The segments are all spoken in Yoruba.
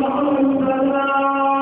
الله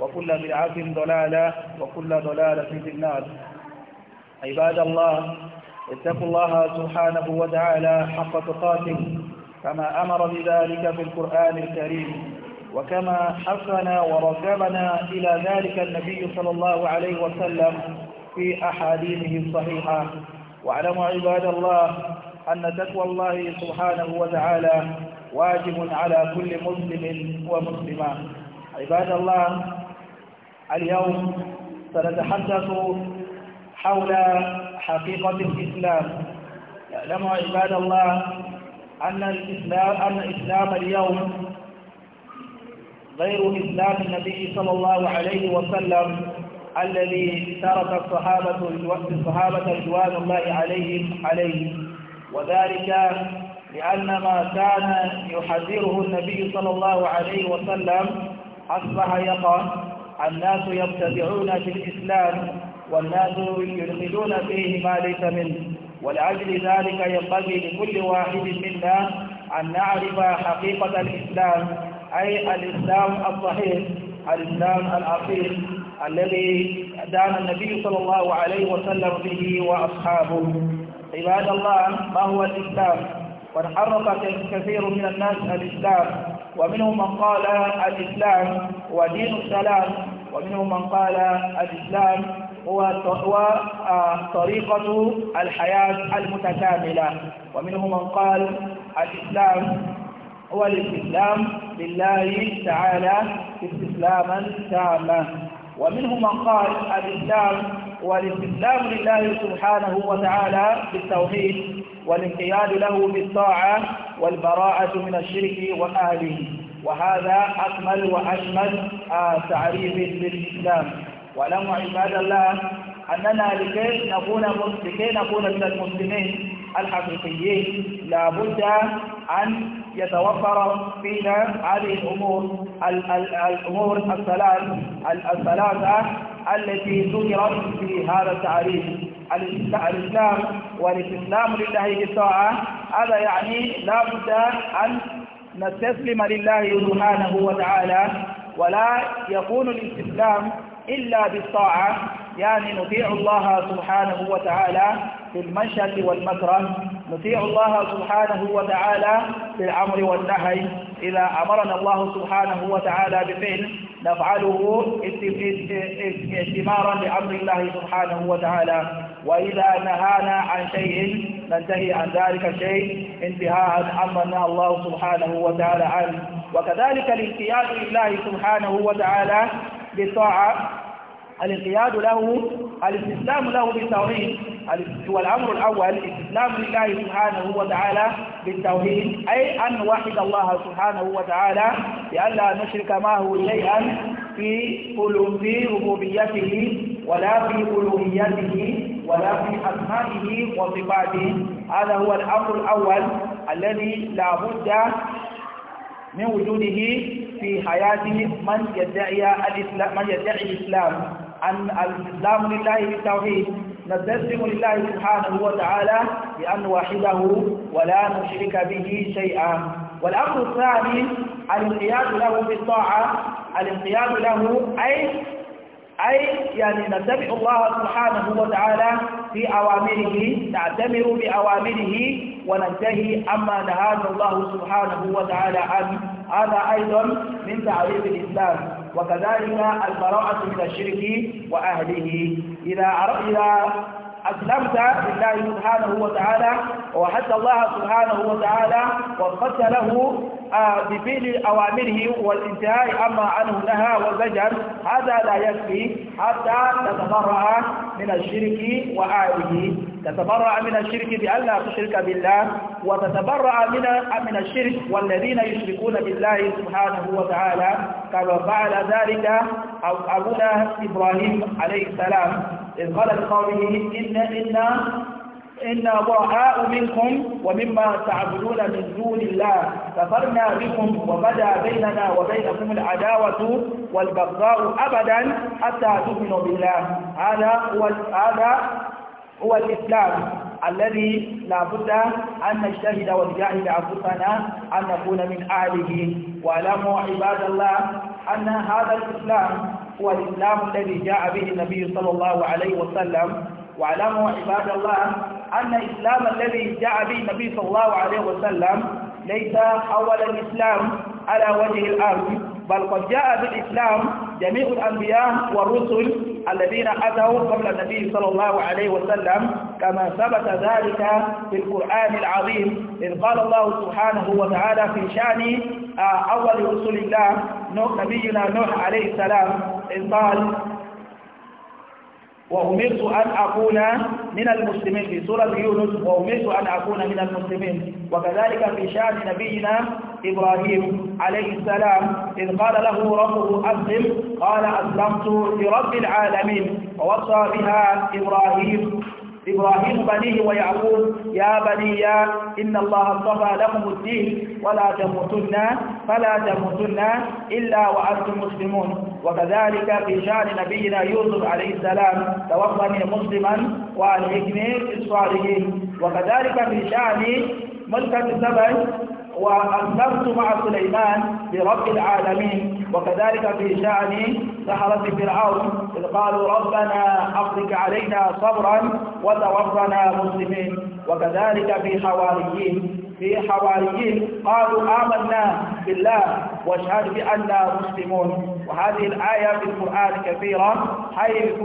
وكل بدعة ضلالة وكل ضلالة في النار عباد الله اتقوا الله سبحانه وتعالى حق تقاته كما أمر بذلك في القرآن الكريم وكما حثنا ورغبنا إلى ذلك النبي صلى الله عليه وسلم في أحاديثه الصحيحة واعلموا عباد الله أن تقوى الله سبحانه وتعالى واجب على كل مسلم ومسلمة عباد الله اليوم سنتحدث حول حقيقة الإسلام اعلموا عباد الله أن الإسلام, أن الإسلام اليوم غير إسلام النبي صلى الله عليه وسلم الذي ترك الصحابة الصحابة رضوان الله عليهم عليه وذلك لأن ما كان يحذره النبي صلى الله عليه وسلم أصبح يقع الناس يبتدعون في الإسلام والناس يدخلون فيه ما ليس منه ولأجل ذلك ينبغي لكل واحد منا أن نعرف حقيقة الإسلام أي الإسلام الصحيح الإسلام الأصيل الذي دان النبي صلى الله عليه وسلم به وأصحابه عباد الله ما هو الإسلام وانحرف كثير من الناس الإسلام ومنهم من قال الإسلام هو دين السلام ومنهم من قال الإسلام هو آه، طريقة الحياة المتكاملة ومنهم من قال الإسلام هو الاستسلام لله تعالى استسلاما تاما ومنهم من قال الإسلام هو الاستسلام لله سبحانه وتعالى بالتوحيد والانقياد له بالطاعة والبراءة من الشرك وأهله وهذا أكمل وأشمل آه، تعريف للإسلام ولم عباد الله أننا لكي نكون لكي نكون من المسلمين الحقيقيين لا بد أن يتوفر فينا هذه الأمور الأمور الثلاث الثلاثة التي ذكرت في هذا التعريف الإسلام والاستسلام لله بالطاعة هذا يعني لا بد أن نستسلم لله سبحانه وتعالى ولا يكون الاستسلام إلا بالطاعة يعني نطيع الله سبحانه وتعالى في المشية والمكره نطيع الله سبحانه وتعالى في الأمر والنهي إذا أمرنا الله سبحانه وتعالى بفعل نفعله استمارا لأمر الله سبحانه وتعالى وإذا نهانا عن شيء ننتهي عن ذلك الشيء انتهاء امرنا الله سبحانه وتعالى عنه وكذلك الانقياد لله سبحانه وتعالى بالطاعة الانقياد له الاستسلام له بالتوحيد والأمر الأول استسلام لله سبحانه وتعالى بالتوحيد أي أن نوحد الله سبحانه وتعالى لئلا نشرك معه شيئا في في ربوبيته ولا في ألوهيته ولا في أسمائه وصفاته هذا هو الأمر الأول الذي لا بد من وجوده في حياة من يدعي الإسلام, من يدعي الإسلام عن الإسلام لله بالتوحيد نستسلم لله سبحانه وتعالى بأن وحده ولا نشرك به شيئا والأمر الثاني الانقياد له بالطاعة الانقياد له أي أي يعني نتبع الله سبحانه وتعالى في أوامره نعتمر بأوامره وننتهي عما نهانا الله سبحانه وتعالى عنه هذا أيضا من تعريف الإسلام وكذلك البراءة من الشرك وأهله إذا إذا أسلمت لله سبحانه وتعالى ووحدت الله سبحانه وتعالى وفقدت له آه، بفعل أوامره والانتهاء أما عنه نهى وزجر هذا لا يكفي حتى تتبرع من الشرك وآله تتبرأ من الشرك بألا تشرك بالله وتتبرأ من من الشرك والذين يشركون بالله سبحانه وتعالى كما فعل ذلك أبونا إبراهيم عليه السلام إذ قال لقومه إن إن إنا ضعاء منكم ومما تعبدون من دون الله كفرنا بكم وبدا بيننا وبينكم العداوة والبغضاء أبدا حتى تؤمنوا بالله هذا هو هذا هو الإسلام الذي لا بد أن نجتهد ونجاهد أنفسنا أن نكون من أهله واعلموا عباد الله أن هذا الإسلام هو الإسلام الذي جاء به النبي صلى الله عليه وسلم واعلموا عباد الله أن الإسلام الذي جاء به النبي صلى الله عليه وسلم ليس أول الإسلام على وجه الأرض بل قد جاء بالإسلام جميع الأنبياء والرسل الذين أتوا قبل النبي صلى الله عليه وسلم كما ثبت ذلك في القرآن العظيم إذ قال الله سبحانه وتعالى في شان آه، أول رسل الله نبينا نوح عليه السلام إذ قال وأمرت أن أكون من المسلمين في سورة يونس وأمرت أن أكون من المسلمين وكذلك في شأن نبينا إبراهيم عليه السلام إذ قال له ربه أسلم قال أسلمت لرب العالمين ووصى بها إبراهيم إبراهيم بنيه ويعقوب يا بني إن الله اصطفى لكم الدين ولا تموتن فلا تموتن إلا وأنتم مسلمون وكذلك في شأن نبينا يوسف عليه السلام توفني مسلما وألحقني الصالحين وكذلك في شأن ملكة سبع وأسلمت مع سليمان برب العالمين وكذلك في شأن سحرة فرعون إذ قالوا ربنا أقضك علينا صبرا وتوفنا مسلمين وكذلك في حواريين في حواريين قالوا آمنا بالله واشهد بأننا مسلمون وهذه الآية في القرآن كثيرة حيث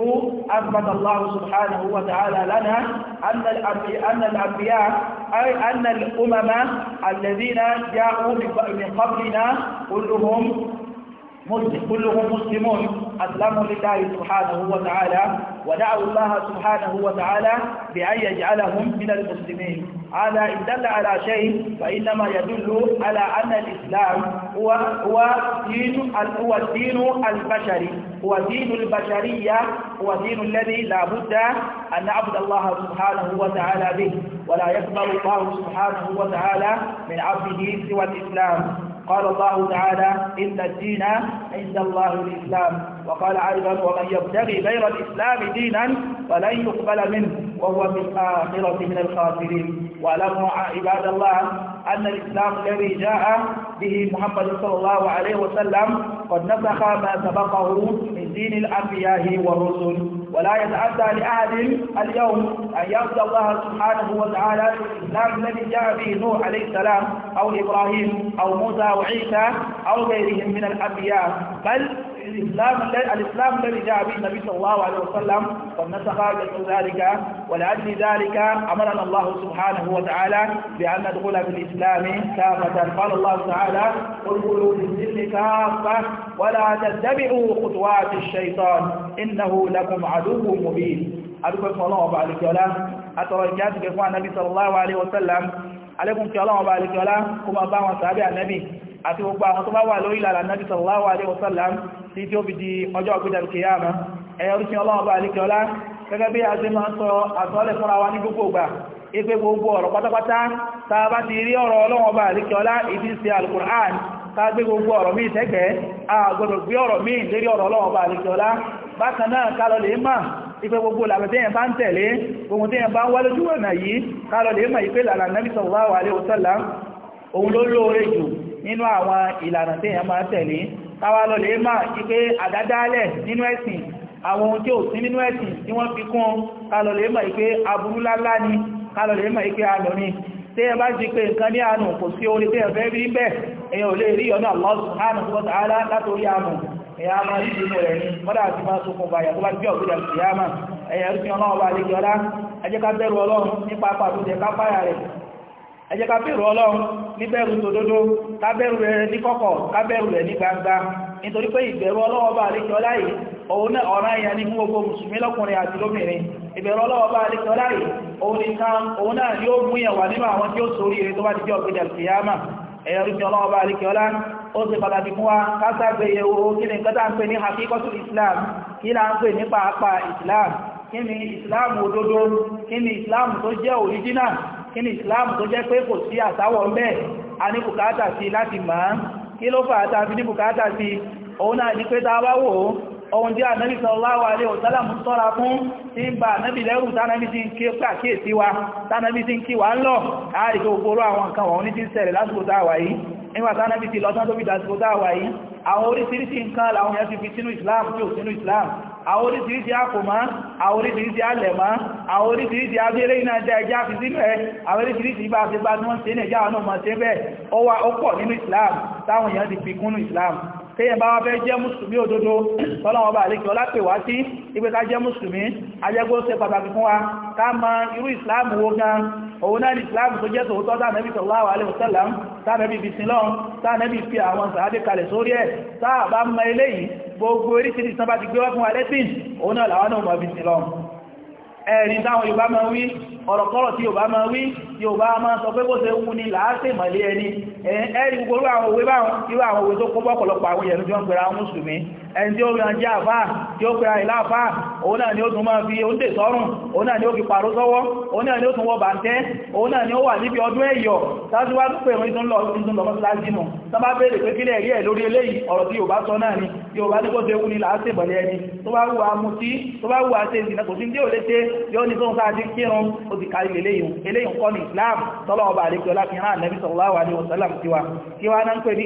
أثبت الله سبحانه وتعالى لنا أن أن الأنبياء أي أن الأمم الذين جاءوا من قبلنا كلهم مسلم كلهم مسلمون أسلموا لله سبحانه وتعالى ودعوا الله سبحانه وتعالى بأن يجعلهم من المسلمين هذا إن دل على شيء فإنما يدل على أن الإسلام هو هو دين هو الدين البشري هو دين البشرية هو دين الذي لا بد أن نعبد الله سبحانه وتعالى به ولا يقبل الله سبحانه وتعالى من عبده سوى الإسلام قال الله تعالى إن الدين عند الله الإسلام وقال أيضا ومن يبتغي غير الإسلام دينا فلن يقبل منه وهو في الآخرة من الخاسرين وألم عباد الله أن الإسلام الذي جاء به محمد صلى الله عليه وسلم قد نسخ ما سبقه من دين الأنبياء والرسل ولا يتعدى لأحد اليوم أن يرضى الله سبحانه وتعالى الإسلام الذي جاء به نوح عليه السلام أو إبراهيم أو موسى أو عيسى أو غيرهم من الأنبياء بل الإسلام الإسلام الذي جاء به النبي صلى الله عليه وسلم فالنسخ ذلك ولأجل ذلك أمرنا الله سبحانه وتعالى بأن ندخل في الإسلام كافة قال الله تعالى ادخلوا في السلم كافة ولا تتبعوا خطوات الشيطان إنه لكم عدو مبين أدوك صلى الله عليه وسلم أترجعت كفوان النبي صلى الله عليه وسلم عليكم كلام الله عليه وسلم كما باوا النبي àti gbogbo àwọn tó bá wà lórí ìlànà Nabi sallallahu alaihi wasallam tí tí ó fi di ọjọ́ ọgbẹ́dàrí kìyàmà ẹ̀yà oríṣìí ọlọ́wọ́ bá gẹ́gẹ́ bí a ṣe máa sọ àtọ́lẹ̀ fúnra wa ní ọ̀rọ̀ pátápátá a bá ti gbogbo a gbọ́dọ̀ tí nínú àwọn ìlànà tí èèyàn máa tẹ̀lé táwa lọ lè máa ipé àdádálẹ̀ nínú ẹ̀sìn àwọn ohun tí ò sí nínú ẹ̀sìn tí wọ́n fi kún kálọ̀ lè máa ipé aburú lálá ni kálọ̀ lè máa ipé àlọ́ ni tí ẹ bá jí pé nǹkan ní àánú kò sí orí tí ẹ̀fẹ́ rí bẹ́ẹ̀ èèyàn ò lè rí ọ̀nà Allah subhanahu wa ta'ala látòrí àánú ẹ̀yà máa rí inú rẹ̀ ní mọ́dá àti máa ẹ jẹ́ ká bẹ̀rù ọlọ́run níbẹ̀rù tòdodo ká bẹ̀rù rẹ̀ ní kọ̀kọ̀ ká bẹ̀rù rẹ̀ ní gbangba nítorí pé ìbẹ̀rù ọlọ́wọ́ bá àlékẹ́ ọláyì òun náà ọ̀ràn ìyà ní fún gbogbo mùsùlùmí lọ́kùnrin àti lóbìnrin ìbẹ̀rù ọlọ́wọ́ bá àlékẹ́ ọláyì òun nìkan òun náà yóò mú yẹn wà nínú àwọn tí ó sórí eré tó bá ti jẹ́ ọ̀gbẹ́dẹ̀ kìyàmà ẹ̀yà rúfin ọlọ́wọ́ bá àlékẹ́ ọlá ó ṣe pàtàkì fún wa kásàgbé ewu kí ni nǹkan ń pè ní hakíkọ́tù islam kí là ń pè ní pàápàá islam kí ni islam òdodo kí ni islam tó jẹ́ òríjínà kí ni islam tó jẹ́ pé kò sí àsáwọ̀ mẹ́ a ní bùkátà sí láti máa kí ló fà àtà fi ní bùkátà sí òun náà ní pé ta wá wò ohun tí ànábì sallallahu alaihi wasallam tọ́ra fún tí ń ba ànábì lẹ́rù tánàbí tí ń kí ó pàkíyèsí wa tánàbí tí ń kí wa ń lọ ààrì tó gbóró àwọn nǹkan wọ̀n ní tí ń ṣẹlẹ̀ lásìkò táwà nígbàtá náà bí ti lọ́tán tó bí dásìkò dáwà yìí àwọn oríṣiríṣi nǹkan làwọn èèyàn ti fi sínú Islam tí ò sínú Islam àwọn oríṣiríṣi àkùnmá àwọn oríṣiríṣi alẹ̀má àwọn oríṣiríṣi abẹ́rẹ́ iná jẹ́ ẹjá fi sínú ẹ àwọn oríṣiríṣi bá fi bá wọ́n ṣe ní ẹjá ọ̀nà ọmọ ṣe bẹ́ẹ̀ ó wà ó pọ̀ nínú Islam táwọn èèyàn ti fi kúnnú Islam kéyàn bá wá fẹ́ jẹ́ mùsùlùmí òdodo tọ́lọ́wọ́n bá àlékí ọlápè wá sí ìgbé ká jẹ́ mùsùlùmí ajẹ́gbó ṣe pàtàkì fún wa ká mọ irú ìsìláàmù wo gan òun náà ní islam tó jẹ́ tòótọ́ tánàbí sallallahu alaihi wasallam tánàbí bisinlọ́n tánàbí fi àwọn sàábé kalẹ̀ sórí ẹ̀ táà bá mọ eléyìí gbogbo oríṣìíríṣìí tán bá ti gbé wá fún alẹ́sìn òun náà làwọn náà mọ̀ bisinlọ́n ẹ̀rin táwọn Yorùbá máa wí ọ̀rọ̀kọ́rọ̀ tí Yorùbá máa wí Yorùbá máa sọ pé bó ṣe wù ní láàáṣẹ ẹni tí ó rí ọjẹ́ àfá tí ó pẹ̀rẹ̀ ìláfá òun náà ni ó tún máa fi oúnjẹ sọ́rùn òun náà ni ó fi pàró sọ́wọ́ òun náà ni ó tún wọ bàǹtẹ́ òun náà ni ó wà níbi ọdún ẹ̀yọ̀ sáájúwájú pẹ̀rún ìtún lọ ìtún lọ mọ́sílájìmù tó bá béèrè pé kílẹ̀ rí ẹ̀ lórí eléyìí ọ̀rọ̀ tí Yorùbá sọ ni Yorùbá ní kó ṣe wú ni láàáṣẹ ìbọ̀lẹ̀ ẹni tó bá wù amú sí tó bá wù àṣẹ ìsìnà kò sí ní òlé ṣe yóò ní tóun sáájú kírun ó ti kárí eléyìí eléyìí kọ́ ní Islam tọ́lọ́ ọba àlejò ọlá fi hàn nẹ́bí sallallahu alaihi wasallam tiwa kí wá náà ń pè ní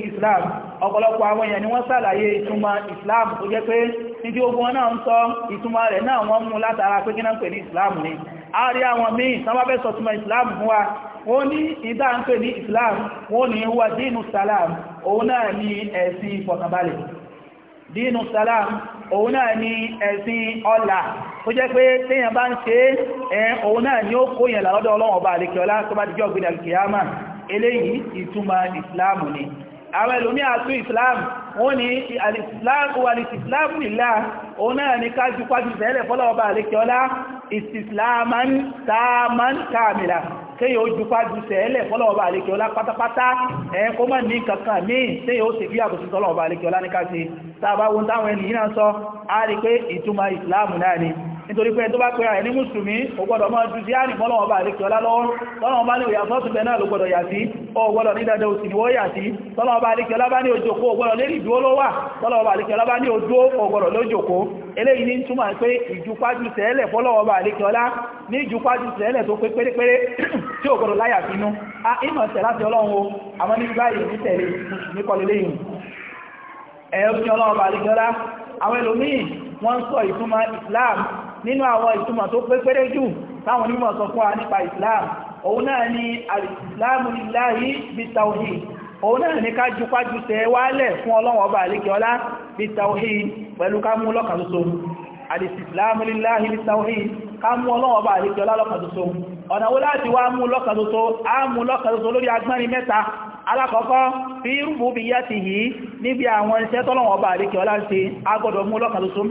ọ̀pọ̀lọpọ̀ àwọn èèyàn ni wọ́n sàlàyé ìtumọ̀ islam tó jẹ́ pé ní tí ogun náà ń sọ ìtumọ̀ rẹ̀ náà wọ́n mú látara pé kíná pè ní islam ni a rí àwọn míì tán fẹ́ sọ túnmọ̀ islam fún wa wọ́n ní ìdá ń pè ní islam wọ́n ní huwa dínú salam òun náà ni ẹ̀sìn ìfọ̀kànbalẹ̀ dínú salam òun náà ni ẹ̀sìn ọlà ó jẹ́ pé téèyàn bá ń ṣe ẹ̀ òun náà ni ó ni àwọn ẹlòmí àtú islam wọ́n ní alìsìslam nìlá òun náà ní kájú pàjú ìfẹ́lẹ̀ fọ́lọ́ọ̀bà àlékẹ́ọlá ìsìsláman tààman kàmìlà kéyàn ó jupájú sẹ́ẹ̀lẹ̀ fọ́lọ́ọ̀bá àlékiọlá pátápátá ẹ̀ kó mọ́ ní kankan míì téyàn ó sì bí àbòsí tọ́lọ̀ọ̀bá àlékiọlá ní káṣe tàbá wọn táwọn ẹni yìí náà sọ á rí pé ìtumọ̀ ìsìláàmù náà ni nítorí pé tó bá pẹ́ rẹ̀ ní mùsùlùmí ó gbọ́dọ̀ máa ju sí àní fọ́lọ́ọ̀bá àlékiọlá lọ́wọ́ tọ́lọ́ọ̀bá ní òyà sọ́tún bẹ náà ló gbọ́dọ̀ yà sí ó gbọ́dọ̀ ní dandan òsì ni ó yà sí tọ́lọ́ọ̀bá àlékiọlá bá ní òjòkó ó gbọ́dọ̀ lérí ìdúró ló wà tọ́lọ́ọ̀bá àlékiọlá bá ní òjò ó gbọ́dọ̀ lójòkó eléyìí ní túmọ̀ pé ìjupájú sẹ́ẹ̀lẹ̀ fọ́lọ́ọ̀bá àlékiọlá ní ìjupájú sẹ́ẹ̀lẹ̀ tó pé pérépéré tí ò gbọdọ̀ láyà bínú a ìmọ̀ tẹ̀ láti ọlọ́run o àwọn níbi báyìí ní tẹ̀lé ní kọlẹ̀lẹ́yìn ẹ̀ẹ́bí ọlọ́run bá lẹ́gbẹ́lá àwọn ẹlòmíì wọ́n sọ ìtumọ̀ Islam nínú àwọn ìtumọ̀ tó pé péré jù táwọn onímọ̀ sọ fún wa nípa Islam òun náà ni alìsìláàmù níláyí bitawhi òun náà ní ká jupájú tẹ wálẹ̀ fún ọlọ́run ọba àlékẹ́ọlá bitawhi pẹ̀lú ká mú lọ́kàn ṣoṣo alìsìláàmù níláyí bitawhi ká mú ọlọ́run ọ̀nà wo láti wá mú lọ́kàn tuntun á mú lọ́kàn tuntun lórí agbárin mẹ́ta alákọ̀ọ́kọ́ fi rúbùbíyàtìhí níbi àwọn iṣẹ́ tọ́lọ̀wọ̀n ọba àríkẹ̀ ọlá ń ṣe mú lọ́kàn tuntun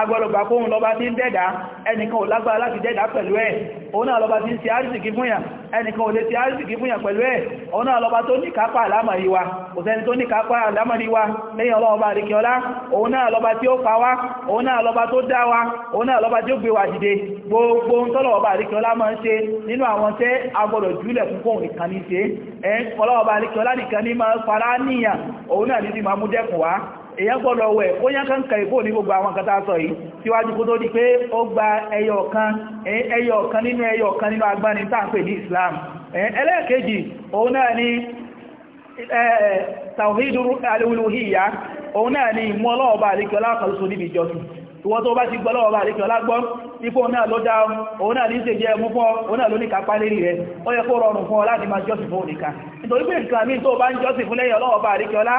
agbọ́lọ̀gbà fóhun lọba tí ń dẹ́dà ẹnìkan ò lágbára láti dẹ́dà pẹ̀lú ẹ̀ òun náà lọba tí ń ṣe àrísìkí fún yàn ẹnìkan ò lè ṣe àrísìkí fún yàn pẹ̀lú ẹ̀ òun náà lọba tó níkápá àlámọ̀rí wa kò sẹ́ni tó níkápá àlámọ̀rí wa lẹ́yìn ọlọ́ọba àríkíọlá òun náà lọba tí ó pa wá òun náà lọba tó dá wa òun náà tí ó gbé èyàn gbọ́dọ̀ wẹ̀ ó yán kan kẹ̀ẹ̀kọ́ ní gbogbo àwọn kan tá sọ yìí síwájú kó tó di pé ó gba ẹyọ kan ẹyọ kan nínú ẹyọ kan nínú agbáni ní Islam ẹlẹ́ẹ̀kejì òun náà ni tawhidul uluhiyya òun náà ni ìwọ́n tó bá ti gbọ́ lọ́wọ́ bá àríkẹ́ ọlágbọ́ ipò náà ló dá òun náà ní ṣe jẹ́ mú fún òun náà ló ní kápá lérí rẹ̀ ó yẹ kó rọrùn fún ọ láti máa jọ́sìn fún nìkan nítorí pé nǹkan mí tó bá ń jọ́sìn fún lẹ́yìn ọlọ́wọ́ bá àríkẹ́ ọlá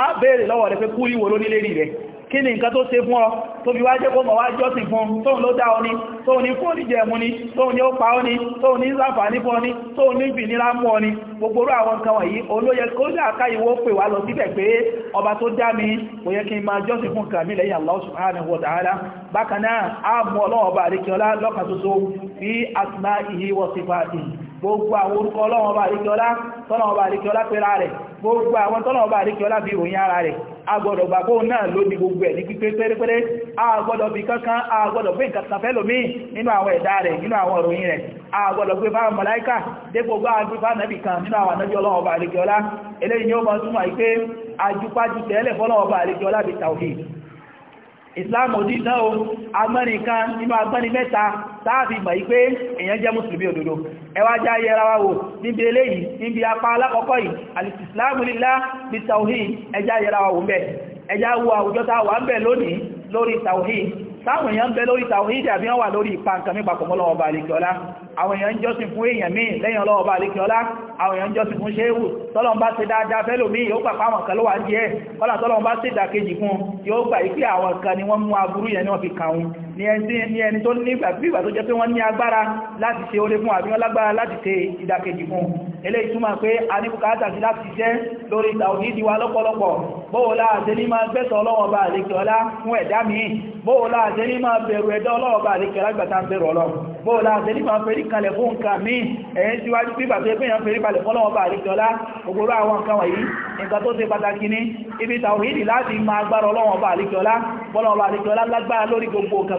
á béèrè lọ́wọ́ rẹ̀ pé kú ìwò lónílérí rẹ̀ kí ni nǹkan tó ṣe fún ọ tó fi wá jẹ́ kó mọ̀ wá jọ́sìn fún tóun ló dá ọ ní tóun ní fún ìjẹ̀mú ní tóun ní ó pa ọ ní tóun ní ìsànfàní fún ọ ní tóun ní ìfìnira mú ọ ní gbogbo orú àwọn nǹkan wọ̀nyí olóyẹ kó ní àkáyíwó pè wá lọ síbẹ̀ pé ọba tó dá mi kò yẹ kí n máa jọ́sìn fún kàmí lẹ́yìn Allah subhanahu wa ta'ala bákan náà a mú ọlọ́wọ́ ọba àríkíọlá lọ́kàn tó so fi asma'ihi wa sifatihi gbogbo àwọn orúkọ ọlọ́wọ́ ọba àríkíọlá tọ́lọ́wọ́ ọba àríkíọlá pẹ́ra rẹ̀ gbogbo àwọn tọ́nà ọba àríkì ọlá bí ìròyìn ara rẹ̀ agbọ́dọ̀ gbà náà ló ní gbogbo ẹ̀ ní pípé pẹ́rẹ́pẹ́rẹ́ agbọdọ fi kankan agbọ́dọ̀ gbé nǹkan fẹ́ lómi nínú àwọn ẹ̀dá rẹ̀ nínú àwọn ìròyìn rẹ̀ agbọ́dọ̀ gbé fáwọn mọ̀láíkà dépò gbá agbé kan nínú àwọn islam òdídá o amẹ́ríkà nínú agbẹ́ni mẹ́ta sáàfi gbà ipé èyàn jẹ́ mùsùlùmí òdodo ẹwà já yẹra wa wò níbi eléyìí níbi apá alákọ̀ọ́kọ́ yìí alìsìsìláàmù lílá bí tàwí ẹjá yẹra wa wò mẹ́ ẹjá wo àwùjọ wà ń bẹ̀ lónìí lórí tàwí táwọn èèyàn bẹ lórí tàwíìdì àbí wọ́n wà lórí ipa nǹkan mípa pọ̀mọ́ lọ́wọ́ bá alékiọlá àwọn èèyàn jọ́sìn fún èèyàn míì lẹ́yìn ọlọ́wọ́ bá alékiọlá àwọn èèyàn jọ́sìn fún ṣéwù tọ́lọ́n bá ṣe dáadáa fẹ́lò míì yóò pàpá àwọn kan ló wà díẹ̀ kọ́lá tọ́lọ́n bá ṣe fún yóò gbà ikú àwọn kan ni wọ́n mú aburú yẹn ni wọ́n fi kàún Ni ẹni tó ní ìgbà tó jẹ́ pé wọ́n ní agbára láti ṣe oore fún àbí wọ́n lágbára láti ṣe ìdàkejì fún eléyìí túmọ̀ pé a ní bùkátà sí láti ṣiṣẹ́ lórí tàwídìí wa lọ́pọ̀lọpọ̀ bóò láàṣẹ ní máa gbẹ́sọ̀ ọlọ́wọ̀n bá àlékẹ́ ọlá fún ẹ̀dá mi bóò láàṣẹ ní máa bẹ̀rù ẹ̀dá ọlọ́wọ̀n bá àlékẹ́ lágbàtà ń bẹ̀rù ọlọ́run bóò láàṣẹ ní máa fẹ́rí ibi tàwídìí láti máa gbára ọlọ́wọ̀n bá àlékẹ́ ọlá fọ́lọ́wọ̀n bá àlékẹ́ ọlá lágbára lórí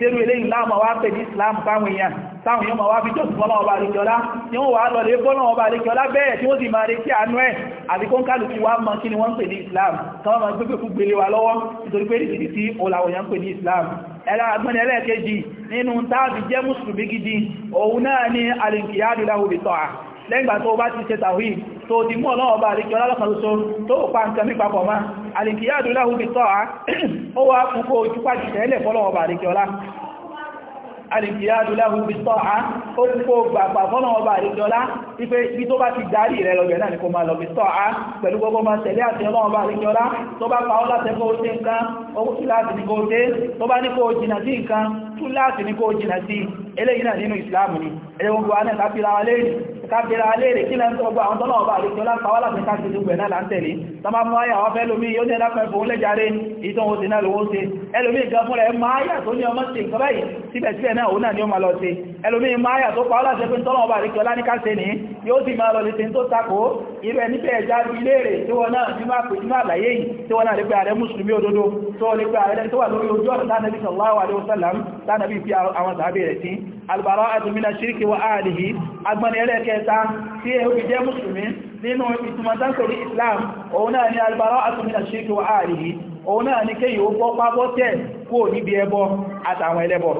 tẹ́rù eléyìn láàmà wá pẹ̀ ní islam fáwọn èèyàn táwọn yóò ma wá fi jọ́sùn fọ́nà ọba àríkọlá ní wọ́n wá lọ lè fọ́nà ọba àríkọlá bẹ́ẹ̀ tí wọ́n sì máa retí àánú ẹ̀ àti kó ń kálùkù wá mọ́ kí ni wọ́n ń pè ní islam kan máa gbégbé fún gbélé wa lọ́wọ́ nítorí pé ìdí sí ọlàwòyàn pè ní islam lẹ́gbà tó bá ti ṣe tàwí tó ti mú ọlọ́wọ́ bá àríkẹ́ ọlọ́lọ́kànlóso tó pa nǹkan nípa pọ̀ máa àríkìyàdó láhú bí tọ́ á ó wá púpọ̀ ojúpá jìtẹ́ ilẹ̀ fọ́lọ́wọ́ bá àríkẹ́ ọlá àríkìyàdó láhú bí tọ́ á ó púpọ̀ gbàgbà fọ́lọ́wọ́ bá àríkẹ́ ọlá wípé bí tó bá ti darí rẹ̀ lọ bẹ̀rẹ̀ náà ni kò máa lọ bí tọ́ á pẹ̀lú gbogbo máa tẹ̀lé àti ọlọ́wọ́ bá àríkẹ́ ọlá tó bá pa ọ́ nínú ìsìláàmù ni ẹ̀yẹ́ gbogbo fi ra wa lẹ́yìn kábíra aléèrè kí lẹ́nu gbogbo àwọn tọ́lọ̀ ọba àríkẹ́ lápáwá láti ká tìlú gbẹ̀ náà láńtẹ̀lé tọ́mà mú ayà wọ́n fẹ́ lómi yóò ní ẹlápẹ́ fún lẹ́jàre ìtàn òsì náà lówó ṣe ẹlòmí gan fún rẹ̀ máa yà tó ní ọmọ sí nǹkan báyìí síbẹ̀síbẹ̀ náà òun náà ni ó máa lọ sí ẹlòmí máa yà tó pàwọ́ láti ẹgbẹ́ tọ́lọ̀ ọba àríkẹ́ ọlá ní ká ṣe ní yóò sì máa lọ lè ṣe tó takò irú ẹni bẹ́ẹ̀ já ilé rẹ̀ tí wọ́n náà ti máa pè ṣíríkì wa áàdìhì agbọ́n ẹlẹ́kẹ́ ẹlẹ́ẹ̀kẹta tí ẹ fi jẹ́ mùsùlùmí nínú ìtumọ̀tánkòrí Islam òun náà ni albara atúnmìnà ṣíkò ààrì òun náà ni kéyìí ó bọ́ pábọ́ tẹ̀ kúrò níbi ẹbọ àtàwọn ẹlẹ́bọ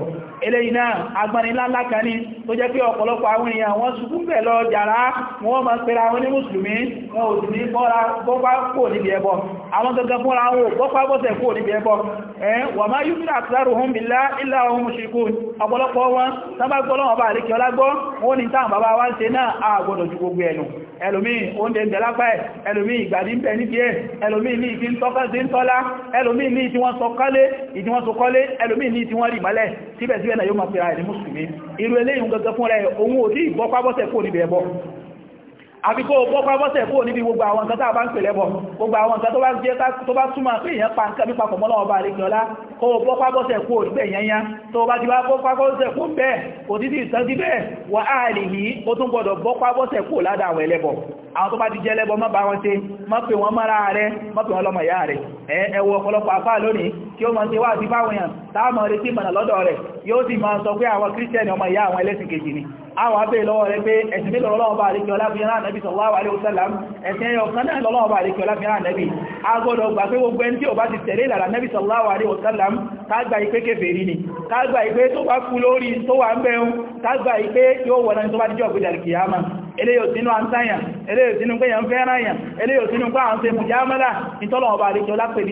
eléyìí náà agbani ńláńlá kan ní tó jẹ́ pé ọ̀pọ̀lọpọ̀ àwọn èèyàn wọ́n sunkún bẹ̀ lọ jàrá wọ́n máa pẹ̀lú àwọn onímùsùlùmí wọn ò sì ní bọ́ra bọ́pá kò níbi ẹbọ àwọn gangan fúnra wọn bọ́pá bọ́sẹ̀ kò níbi ẹbọ wà máa yú nínú àtìlárù hún bí ilá ohun mùsùlùkù ẹlòmí oúnjẹ ìjẹ lápá ẹ̀ ẹlòmí ìgbàdí ń bẹ ní díẹ̀ ẹlòmí ní ìfi ń tọ́kọ́ sí ń tọ́lá ẹlòmí ní ìtí wọ́n sọkọ́lé ìtí wọ́n sọkọ́lé ẹlòmí ní ìtí wọ́n rí mọ́lẹ̀ síbẹ̀síbẹ̀ náà yóò máa pèrà ẹ̀ ní mùsùlùmí irú eléyìn gẹ́gẹ́ fún rẹ̀ òun àbí kó bọ́pá bọ́sẹ̀ kó níbi gbogbo àwọn nǹkan tàbá ń pè lẹ́bọ̀ gbogbo àwọn nǹkan tó bá jẹ́ tó bá súnmọ́ pé èèyàn pa nǹkan nípa pọ̀mọ́ lọ́wọ́ bá àríkì ọlá kó bọ́pá bọ́sẹ̀ kó níbẹ̀ yẹnyá tó bá ti bá bọ́pá bọ́sẹ̀ kó bẹ́ẹ̀ kò títí ìtàn sí bẹ́ẹ̀ wà á lè yí ó tún gbọdọ̀ bọ́pá bọ́sẹ̀ kó ládà àwọn ẹlẹ́bọ̀ àwọn tó bá ti àwà bèèrè lọ́wọ́ rẹ̀ pé ẹ̀sìn mélòó lọ́wọ́ àríkẹ́ ọlábìnrin ànẹ́bì sallallahu alaihi wasallam ẹ̀sìn ẹyọ kan náà lọ́wọ́ àríkẹ́ ọlábìnrin ànẹ́bì agbọ́dọ̀ gbà pé gbogbo ẹni tí ó bá ti tẹ̀lé ìlànà ànẹ́bì kágbà ipé kèfèrí ni kágbà ipé tó bá kú lórí tó wà ń bẹ̀rún kágbà ipé yóò wọ̀nà tó bá díjọ́ ìgbìdàlìkìyàmà eléyò sínú àntáyàn eléyò sínú pé yàn fẹ́ràn yàn eléyò sínú pé àwọn ṣe mùjámọ́lá ìtọ́lọ̀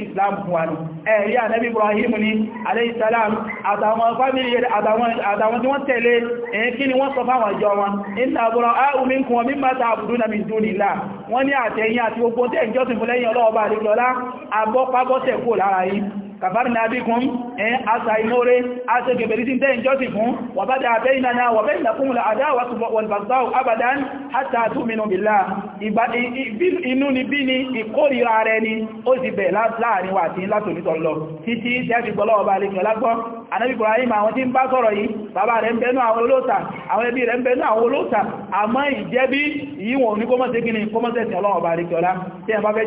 islam fún wa ní ẹ̀rí ànẹ́bí ibrahim ní aléìsàlám ni wọ́n sọ fáwọn ìjọ wọn iná àbúrọ̀ áhùmí na mi dùn nílá wọ́n ní àtẹ̀yìn àti gbogbo tẹ́ ìjọsìn fún lẹ́yìn ọlọ́ọba kàfàrí náà bí kún ẹn asa imore asa gẹ̀bẹ̀rí sí tẹ́ ìjọ́sì fún wàbádà àbẹ́yìnà náà wàbẹ́yìnà fún àdáwà wàlbàzáwò abadan hátà túnmínú bìlá inú ni bí ni ìkórìíra rẹ ni ó sì bẹ̀ láàrin wà tí látòlítọ̀ lọ títí tẹ́ fi gbọ́lọ́ ọba anábì Ibrahim àwọn tí ń bá sọ̀rọ̀ yìí bàbá rẹ̀ ń bẹnu àwọn olóòtà àwọn ẹbí rẹ̀ ń bẹnu àwọn olóòtà àmọ́ ìjẹ́bí ìyíwọ̀n ní kọmọ́sẹ̀ gíní kọmọ́sẹ̀ tí ọlọ́wọ̀ bá rí kí ọlá tí ẹ bá fẹ́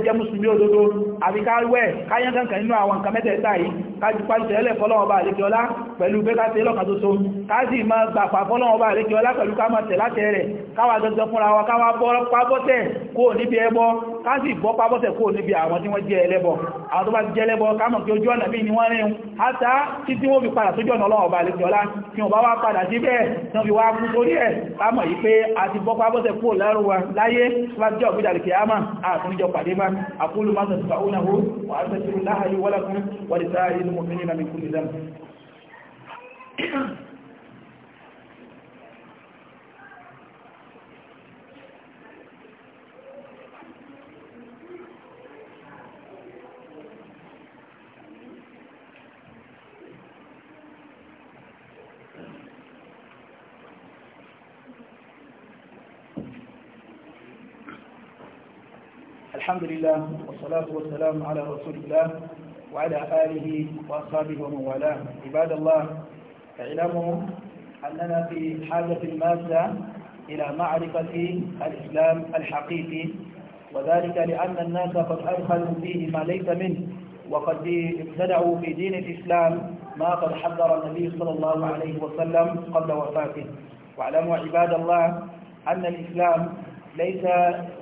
kájúpájútẹ̀ ẹlẹ́ fọ́lọ́wọ́ bá àríkẹ́ ọlá pẹ̀lú bẹ́kàtẹ́ lọ́kà tó so káàsì ma gbàpà fọ́lọ́wọ́ bá àríkẹ́ ọlá pẹ̀lú ká máa tẹ̀látẹ̀ rẹ̀ káwà gẹ́gẹ́ fúnra wa káwà bọ́ pábọ́tẹ̀ kó níbi ẹbọ káàsì bọ́ pábọ́tẹ̀ kó níbi àwọn tí wọ́n jẹ́ ẹlẹ́bọ àwọn tó bá ti jẹ́lẹ́bọ káàmọ̀ kí ojú ọ̀nà bíi ni wọ́n rìn hátá tí tí wọ́n fi padà sójú ọ̀nà ọlọ́wọ́ bá àríkẹ́ ọlá kí wọ́n bá wá padà sí bẹ́ẹ̀ tí wọ́n fi wá kú sórí ẹ̀ káàmọ̀ yìí pé a ti bọ́ pábọ́tẹ̀ kó lẹ́rù wa láyé tó bá jẹ́ ọ̀gbẹ́dà àríkẹ́ àmà àtúnjọ pàdé má àkúlù má sọ̀tùfà المؤمنين من كل ذنب الحمد لله والصلاة والسلام على رسول الله وعلى آله وأصحابه ومن والاه عباد الله اعلموا أننا في حاجة ماسة إلى معرفة الإسلام الحقيقي وذلك لأن الناس قد أدخلوا فيه ما ليس منه وقد ابتدعوا في دين الإسلام ما قد حذر النبي صلى الله عليه وسلم قبل وفاته واعلموا عباد الله أن الإسلام ليس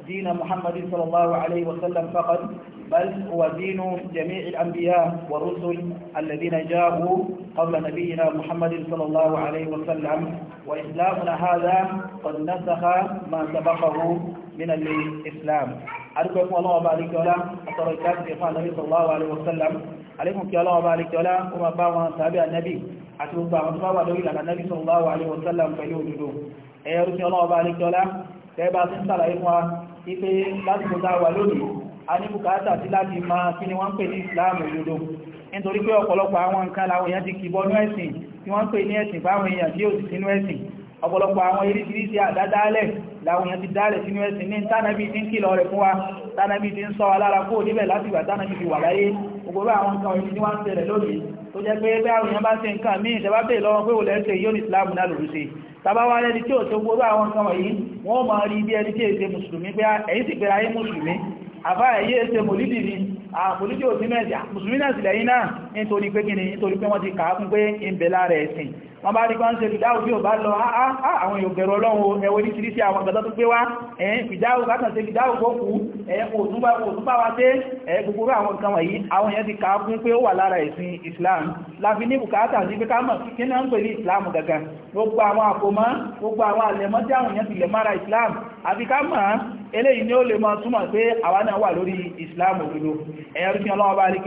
دين محمد صلى الله عليه وسلم فقط بل هو دين جميع الأنبياء والرسل الذين جاءوا قبل نبينا محمد صلى الله عليه وسلم وإسلامنا هذا قد نسخ ما سبقه من الإسلام أرجوكم الله بارك ولا أتركات قال النبي صلى الله عليه وسلم عليكم كي الله بارك ولا وما من تابع النبي أتوقع أن تبوا النبي صلى الله عليه وسلم فيوجدوا أيها الله بارك ولا tẹ́ẹ̀bá tún sàlàyé fún wa ipé láti kò tá wà lónìí a ní bùkátà sí láti máa kí ni wọ́n ń pè ní ìsìláàmù òdodo nítorí pé ọ̀pọ̀lọpọ̀ àwọn nǹkan làwọn èèyàn ti kìbọnú ẹ̀sìn tí wọ́n ń pè ní ẹ̀sìn fáwọn èèyàn tí ó sì sínú ẹ̀sìn ọ̀pọ̀lọpọ̀ àwọn irisirisi àdádálẹ̀ láwọn èèyàn ti dálẹ̀ sínú ẹ̀sìn ní tánàbí tí ń kìlọ̀ rẹ̀ fún wa tánàbí tí ń sọ alára kó níbẹ̀ láti ìgbà tánàbí ti wà láyé ògbòrò àwọn nǹkan òyìn tí wọ́n ń tẹ̀lẹ̀ lónìí tó jẹ́ pé bí àwọn èèyàn bá ṣe nǹkan míì ìjọba bèèrè lọ́wọ́ pé olẹ́ẹ̀ṣẹ̀ yóò ní ìsìláàmù náà lòrùsẹ̀ tàbáwá lẹ́ni tí ó tó gbogbo àwọn nǹkan wọ̀nyí wọ́n máa rí bí ẹni tí èsè mùsùlùmí pé èyí ah, sì pèrè ayé mùsùlùmí àbá èyí èsè mòlídì ni àmòlídì ò sí mẹ́jà mùsùlùmí náà sì lẹ́yìn náà nítorí pé kíni nítorí pé wọ́n ti kàákún pé ìbẹ̀lá rẹ̀ ẹ̀sìn wọ́n bá rí pé ń ṣe fìdáhù tí ò bá lọ ah, ah, ah, àwọn èèyàn bẹ̀rọ ọlọ́run ẹwọ ní kìrìsì àwọn àgbàdá tó pé wá ẹ̀yìn fìdáhù látàn ṣe fìdáhù gbókù òtúnbà wá dé gbogbo àwọn nǹkan wọ̀nyí àwọn èèyàn ti kà á fún Islam láfi ní bùkátà sí pé ká mọ̀ kí Islam gangan gbogbo àwọn àkómọ́ gbogbo àwọn àlẹ̀mọ́ tí àwọn èèyàn ti lẹ̀ Islam àfi ká mọ̀ eléyìí ni ó lè mọ túmọ̀ pé Islam òdodo ẹ̀yàn rí fi ọlọ́wọ́ bá rí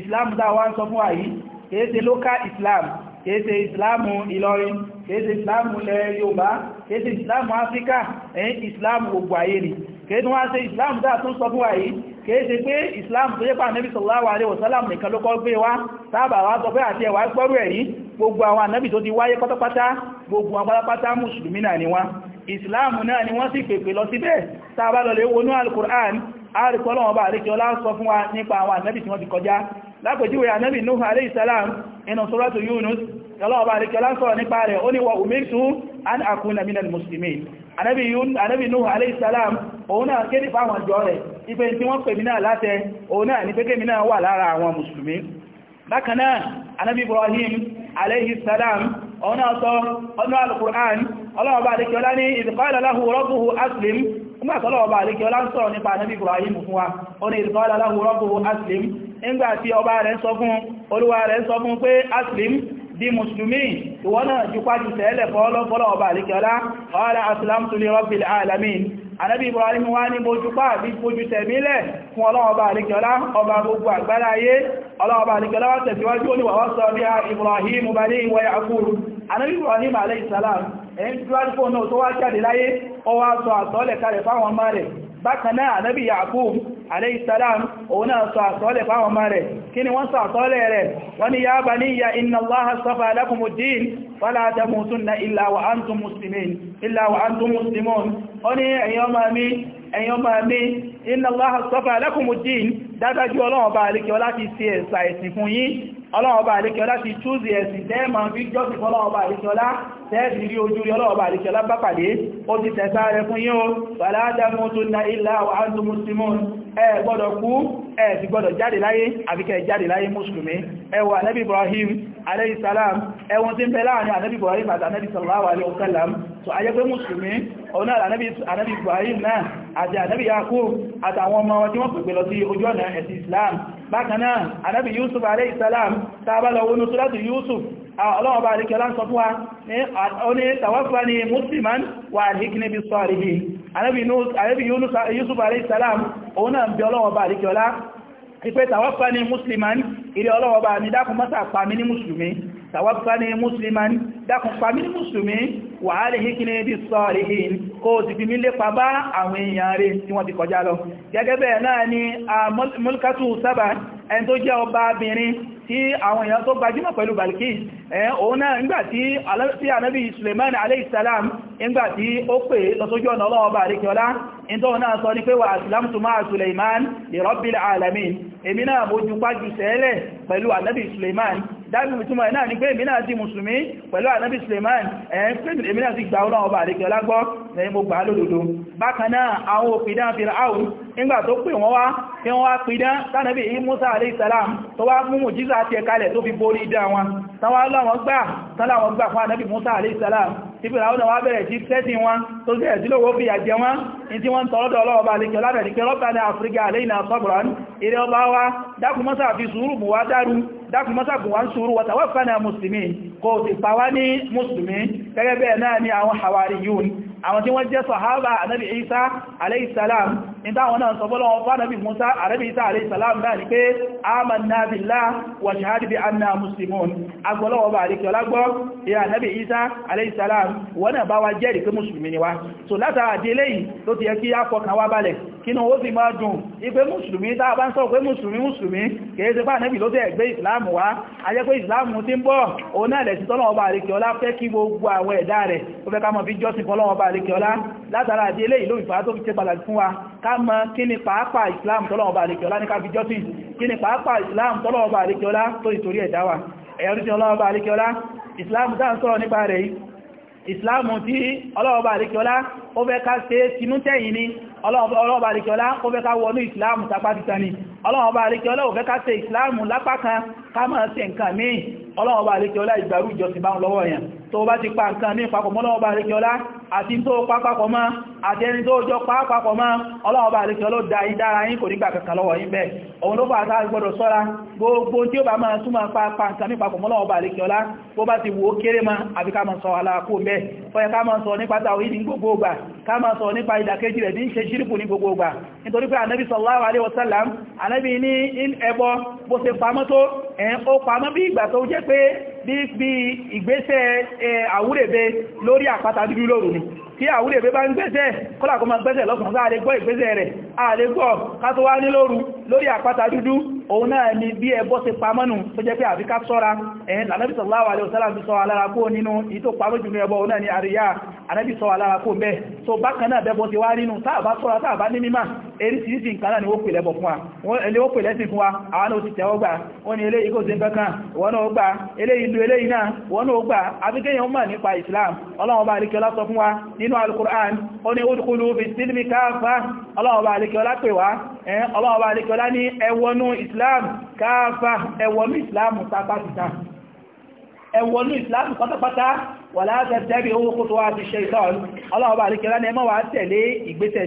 Islam dáwà ń sọ fún àyí kìí ṣe local Islam kéèsè ìsìláàmù ìlọrin kéèsè ìsìláàmù ilẹ̀ yorùbá kéèsè ìsìláàmù áfíríkà ẹ̀yìn ìsìláàmù gbogbo ayé ni kéèsè wọ́n ṣe ìsìláàmù dáa tún sọ fún wa yìí kéèsè pé ìsìláàmù tó yẹ́pà nẹ́bí sallallahu alaihi wasallam nìkan ló kọ́ gbé wa sábà wá sọ pé àti ẹ̀wà gbọ́rù ẹ̀rí gbogbo àwọn ànábì tó ti wáyé pátápátá ni wá ìsìláàmù náà ni wọ́n sì al-Qur'an àríkọ́lọ́wọ́ bá àríkẹ́ ọlá sọ fún wa nípa àwọn ànábì tí lápẹjúwé ànábì Nuhu alayhi salam inú suratu Yunus ọlọ́ọ̀bá àríkẹ́lá sọ̀rọ̀ nípa rẹ̀ ó ní wa umirtu an akuna minal muslimin ànábì Nuhu alayhi salam òun náà kéde fáwọn jọ rẹ̀ ipe tí wọ́n pè mí náà látẹ òun náà ní pékè mí náà wà lára àwọn mùsùlùmí bákan náà ànábì Ibrahim alayhi salam òun náà sọ ọ̀nà nígbàtọ́lọ̀ ọba àríkẹ́ ọlá ń sọ̀rọ̀ nípa ànábì Ibrahim fún wa ó ní ìrìkọ́lá aláhùn rọ́bù aslim nígbàtí ọba rẹ̀ sọ fún olúwa rẹ̀ sọ fún pé aslim di musulmi ìwọ náà jùpájú tẹ́lẹ̀ fọ́lọ́fọ́lọ́ ọba àríkẹ́ ọlá ọ̀rẹ́ aslamtu li rabbil alamin ànábì Ibrahim wá ní bójúpá àbí bójú tẹ̀mílẹ̀ fún ọlọ́ọba àríkẹ́ọlá ọba gbogbo àgbára ọlọ́ọba àríkẹ́ọlá ẹ̀yìn tí wájú fóònù tó wá jáde láyé ọwá sọ àsọ́ọ̀lẹ̀ kalẹ̀ fáwọn ọmọ rẹ̀ bákanáà ànábì Yaqub aléìsàlám òun náà sọ àsọ́ọ̀lẹ̀ fáwọn ọmọ rẹ̀ kí ni wọ́n sọ àsọ́ọ̀lẹ̀ rẹ̀ wọ́n ni ya baniya inna Allaha istafa lakumuddin fala tamutunna illa wa antum muslimun ẹ̀yàn máa mé inna Allaha istafa lakumu ddin dájájú ọlọ́wọ́ bá alékẹ́ ọlá ti ṣe ẹ̀sà ẹ̀sìn fún yín ọlọ́wọ́ bá alékẹ́ ọlá ti túnzì ẹ̀sìn tẹ́ẹ̀mà fi jọ́sì fọ́lọ́wọ́ bá alékẹ́ ọlá tẹ́ẹ̀sì rí ojú rí ọlọ́wọ́ bá alékẹ́ ọlá bá pàdé ó ti tẹ̀sà rẹ̀ fún yín o fala tamutunna illa wa antum muslimun ẹ gbọ́dọ̀ kú ẹ ti gbọ́dọ̀ jáde láyé àbíkẹ́ jáde láyé mùsùlùmí ẹ wo Ànábì Ibrahim alayhi salam ẹwọ́n tí ń bẹ láàrin Ànábì Ibrahim àti Ànábì sallallahu alayhi wa sallam so a jẹ́ pé mùsùlùmí ọ̀nà ànábì Ibrahim náà àti ànábì Yakub àtàwọn ọmọ wọn tí wọ́n pèpè lọ sí ojú ọ̀nà ẹ̀sì Islam bákanáà ànábì Yusuf alayhi salam tàbálọ̀ wọnú suratu Yusuf ọlọ́wọ́ bá àríkẹ́ láń ni musliman wà àríkí níbi sọ àríkí àríkí Yusuf alayhi salam òun náà ni musliman ilé ọlọ́wọ́ bá ni musulmi wà á lè híkí ní bí sọ́ọ̀rí hìn kó ti fi mí lépa bá àwọn èèyàn rẹ̀ tí wọ́n lọ gẹ́gẹ́ náà ni sábà ẹni tó jẹ́ ọba abìnrin tí àwọn èèyàn tó gbajúmọ̀ pẹ̀lú Balkis ẹ̀ òun náà nígbàtí anábì Suleiman aleyhisselam nígbàtí ó pè lọ́sójú ọ̀nà ọlọ́ọba àríkẹ́ọlá ìtọ́ náà sọ ní pé wà àsìlámtù máa Suleiman li rabbil alamin èmi náà mo ju pájú sẹ́ẹ̀lẹ̀ pẹ̀lú anábì Suleiman dábí ìtumọ̀ ẹ̀ náà ni pé èmi náà di mùsùlùmí pẹ̀lú anábì Suleiman ẹ̀yìn pé èmi mo gbà á lódodo bákan náà àwọn òpìdán Fir'aun nígbà tó pè wọ́n wá tí wọ́n wá pìdán tánàbí Musa aléìsàlám tó wá mú mú jíza àti ẹ̀kalẹ̀ tó fi borí ìdá wọn tánwà láwọn gbà tánláwọn gbà fún ànábì Mùsá aléìsàlám tí bí ráúnà wá bẹ̀rẹ̀ sí tẹ́sí wọn tó jẹ́ ìdílówó fi àjẹ wọn in tí wọ́n tọrọdọ̀ ọlọ́ọ̀bà alẹ́kẹ̀ lábẹ̀ ní kẹrọ́bà ní Áfíríkà alẹ́yìn àtọ́gbọ̀n ilẹ̀ ọba wa dákùnmọ́sà fi sùúrù bù wá dáru dákùnmọ́sà bù wá ń sùúrù wàtàwọ́fà àwọn tí wọ́n jẹ́ sọ̀hábà ànábì Isa aléìsàlám ìtàwọn náà sọ̀bọ́lọ́wọ́ fánàbì Musa ànábì Isa aléìsàlám náà ni pé amanna billah wa shahadu bi anna muslimun agbọ́lọ́wọ́ bá àríkẹ́ ọlágbọ́ ìyà ànábì Isa aléìsàlám wọ́n náà bá wa jẹ́rìí pé mùsùlùmí ni wá so látara délé yìí tó ti yẹ kí á fọkàn wá balẹ̀ kínú ó sì máa dùn ipé mùsùlùmí tá a bá ń sọ pé mùsùlùmí mùsùlùmí kìí ṣe pàà nẹ́bì ló tẹ́ ẹ̀gbẹ́ ìsìláàmù wá a ìsìláàmù ti ń bọ̀ òun náà lẹ̀sìn tọ́lọ́wọ́ bá àríkẹ́ ọlá fẹ́ kí gbogbo àwọn ẹ̀dá rẹ̀ tó fẹ́ ká àlékẹ́ọlá látara àti eléyìí lórí ìfàá tó fi ṣe pàtàkì fún wa ká mọ kí ni pàápàá islam tọ́lọ́wọ́ bá àlékẹ́ọlá ní ká fi jọ́sìn kí ni pàápàá islam tọ́lọ́wọ́ bá àlékẹ́ọlá tó ìtorí ẹ̀dá wa ẹ̀yọ́rí tí ọlọ́wọ́ bá islam tá ń sọ̀rọ̀ nípa rẹ̀ yìí islam tí ọlọ́wọ́ bá àlékẹ́ọlá ó fẹ́ ká ṣe tinútẹ̀yìn ni ọlọ́ọ̀bá àríkẹ́ọlá ó fẹ́ ká wọnú ìsìláàmù tapá títà ní ọlọ́ọ̀bá àríkẹ́ọlá ò fẹ́ ká ṣe ìsìláàmù lápá kan ká máa ṣe nǹkan míì ọlọ́ọ̀bá àríkẹ́ọlá ìgbàrú tó bá ti pa nǹkan ní ìpapọ̀ mọ́ lọ́wọ́ bá lè kíọlá àti tó pápapọ̀ mọ́ àti ẹni tó jọ pápapọ̀ mọ́ ọlọ́wọ́ bá lè kíọlọ́ da ìdára yín kò ní gbà kankan lọ́wọ́ yín bẹ́ẹ̀ òun ló fà sáà gbọ́dọ̀ sọ́ra gbogbo tí ó bá máa túnmọ̀ pa nǹkan ní ìpapọ̀ mọ́ lọ́wọ́ bá lè kíọlá bó bá ti wo kéré ma àfi ká máa sọ aláàkó bẹ́ẹ̀ fọ́yẹ ká máa sọ nípa tàwí ní gbogbo ìgbà ká máa sọ nípa ìdàkejì rẹ̀ ní ṣe ṣírípù ní gbogbo ìgbà nítorí pé ànábì sallallahu alaihi wasallam ní ẹbọ bó ṣe pamọ́ tó ẹ̀ ó pamọ́ bí ìgbà tó jẹ́ pé bí ìgbésẹ̀ àwúrẹ̀bẹ lórí àpáta dúdú lóru ni tí àwúrí ẹ̀bẹ́ bá ń gbẹ́sẹ̀ kọ́lá kọ́ ma gbẹ́sẹ̀ lọ́sàn sáà lè gbọ́ ìgbésẹ̀ rẹ̀ àlégọ́ ká tó wá ní lóru lórí àpáta dúdú òun náà ni bí ẹbọ ti pamọ́nù tó jẹ́ pé àfi ká ṣọ́ra ẹ̀yìn lànàbí sallallahu alaihi wasallam fi sọ alárakó nínú ìyí tó pamọ́ jù ní ẹbọ òun náà ni àríyá ànàbí sọ alárakó mẹ́ tó bákan náà bẹ́bọ ti wá nínú táàbá ṣọ́ra táàbá ní mímá eríṣiríṣi ni ó pè lẹ́bọ̀ fún wa ẹlé ni eléyìí kò sí nǹkan kan wọ́n náà gbà eléyìí lu eléyìí Islam ọlọ́run ọba àríkẹ́ ní nínú al-Qur'an ó ní udkhulu fi sílmi káàfà ọlọ́ọ̀bá alikiola pè wá ọlọ́ọ̀bá alikiola ní ẹwọnú islam káàfà ẹwọnú islam pátápátá ẹwọnú islam pátápátá wà látẹ̀tẹ̀bí orúkú tó wá ti ṣaitan ọlọ́ọ̀bá alikiola ní ẹ má wá tẹ̀lé ìgbésẹ̀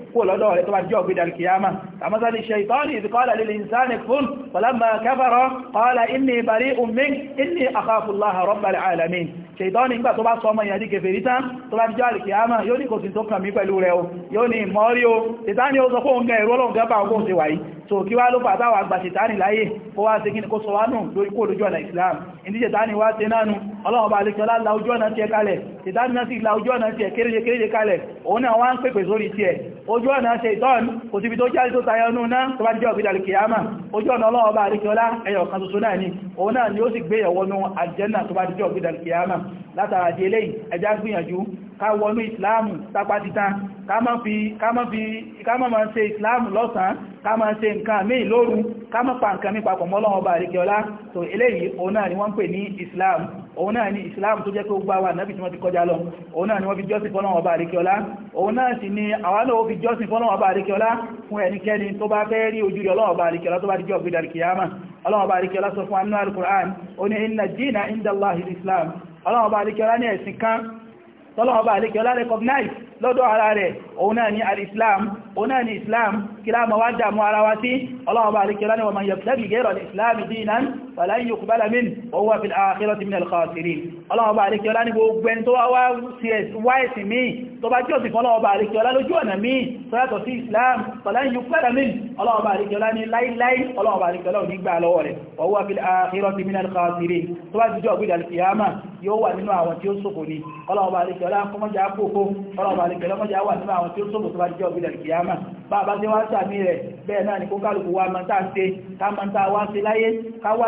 kó lọ́dọ̀ rẹ̀ tó bá jọ gbé dalkiyama kàmọ́sá ni ṣaitani ìdíkọ́lá lílì ìsáni fún pọ̀lọ́mà kẹfàrọ kọ́lá inì ìbàrí umin inì àkàfùláhà rọ́bàlì alamin ṣaitani ìgbà tó bá sọ ọmọ ìyàdí kẹfẹ̀rí tán tó bá jọ alkiyama yóò ní kò sí tó kàn mí pẹ̀lú rẹ̀ o yóò ní mọ́rí o ṣaitani ó sọ fún oúnjẹ ìrọ́lọ́run gẹ́bà ogún ti wáyé so kí wá ló fà táwà àgbà ṣaitani láyé kó wá segin kó sọ wá nù lórí kó lójú ọ̀nà islam ojú ọ̀nà ṣe ìtọ́n kò síbi tó jáde tó tayọ ní náà tó bá jẹ́ ọ̀gbìdà kìyàmà ojú ọ̀nà ọlọ́ọ̀bá àríkẹ́ọlá ẹyọ kan tuntun náà ni òun náà ni ó sì gbé ẹ̀wọ́nú àjẹ́nà tó bá jẹ́ ọ̀gbìdà kìyàmà látara ká wọnú ìsìláàmù tápá títán ká má máa ṣe ìsìláàmù lọ́sàn ká má ṣe nǹkan míì lóru ká má pa nǹkan nípa pọ̀ mọ́lọ́wọ́ bá àríkẹ́ ọlá tó eléyìí òun náà ni wọ́n ń pè ní ìsìláàmù òun náà ni islam tó jẹ́ pé ó gbá wà náàbì tí wọ́n ti kọjá lọ òun náà ni wọ́n fi jọ́sìn fọ́nà ọba àríkíọlá òun náà sì ni àwọn náà ó fi jọ́sìn fọ́nà ọba àríkíọlá fún ẹnikẹ́ni tó bá fẹ́ rí ojú ní ẹ̀sìn kan tọ́lọ́ọ̀bá àlékẹ́ ọlá recognize lọ́dọ̀ ara rẹ̀ òun náà ni al-islam òun náà ni islam kí láàmà wá dàmú ara wá sí ọlọ́ọ̀bá àlékẹ́ ọlá ni wọ́n ma فلن يقبل منه وهو في الآخرة من الخاسرين الله بارك يلا ni gbogbo ẹni tó wá wá ẹ̀sìn míì tó bá jọ́ sí fún ọlọ́ọ̀bá àríkẹ́ọlá lójú ọ̀nà míì tó sí Islam فلن يقبل منه ọlọ́ọ̀bá àríkẹ́ọlá ní láíláí ọlọ́ọ̀bá àríkẹ́ọlá ò ní gbà lọ́wọ́ rẹ̀ في الآخرة من الخاسرين tó bá jíjọ́ ọ̀gbìdà alkiyama yóò wà nínú àwọn tí ó sòkò ní ọlọ́ọ̀bá àríkẹ́ọlá kọmọjá kókó ọlọ́ọ̀bá àríkẹ́ọlá kọmọjá wà nínú àwọn tí ó sòkò tó bá jíjọ́ ọ̀gbìdà alkiyama bá a bá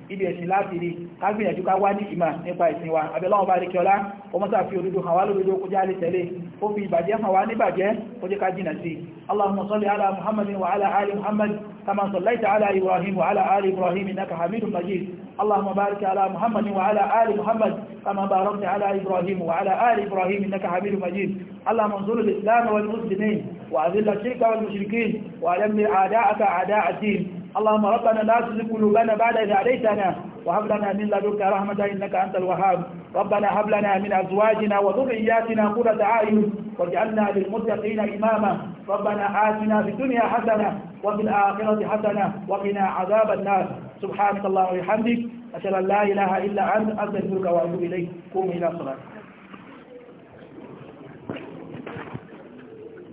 ibi ẹ̀sìn láti rí kágbìyànjú ká wá ní ìmà nípa ìsìn wa abẹ́láwọn bá rékẹ́ ọlá ọmọ́sá fi olódó hàn wá lórí okó jálẹ̀ tẹ̀lé ó fi ìbàjẹ́ hàn wá níbàjẹ́ ó jẹ́ ká jìnà sí allahumma salli ala muhammadin wa ala ali كما صليت على إبراهيم وعلى آل إبراهيم إنك حميد مجيد اللهم بارك على محمد وعلى آل محمد كما باركت على إبراهيم وعلى آل إبراهيم إنك حميد مجيد اللهم انصر الإسلام والمسلمين وأذل الشرك والمشركين ودمر أعداءك أعداء الدين اللهم ربنا لا تزغ قلوبنا بعد إذ هديتنا وهب لنا من لدنك رحمة إنك أنت الوهاب ربنا هب لنا من أزواجنا وذرياتنا قرة أعين واجعلنا للمتقين إماما ربنا آتنا في الدنيا حسنة وفي الآخرة حسنة وقنا عذاب النار سبحانك اللهم وبحمدك أشهد أن لا إله إلا أنت أستغفرك وأتوب إليك قوم إلى صلاتك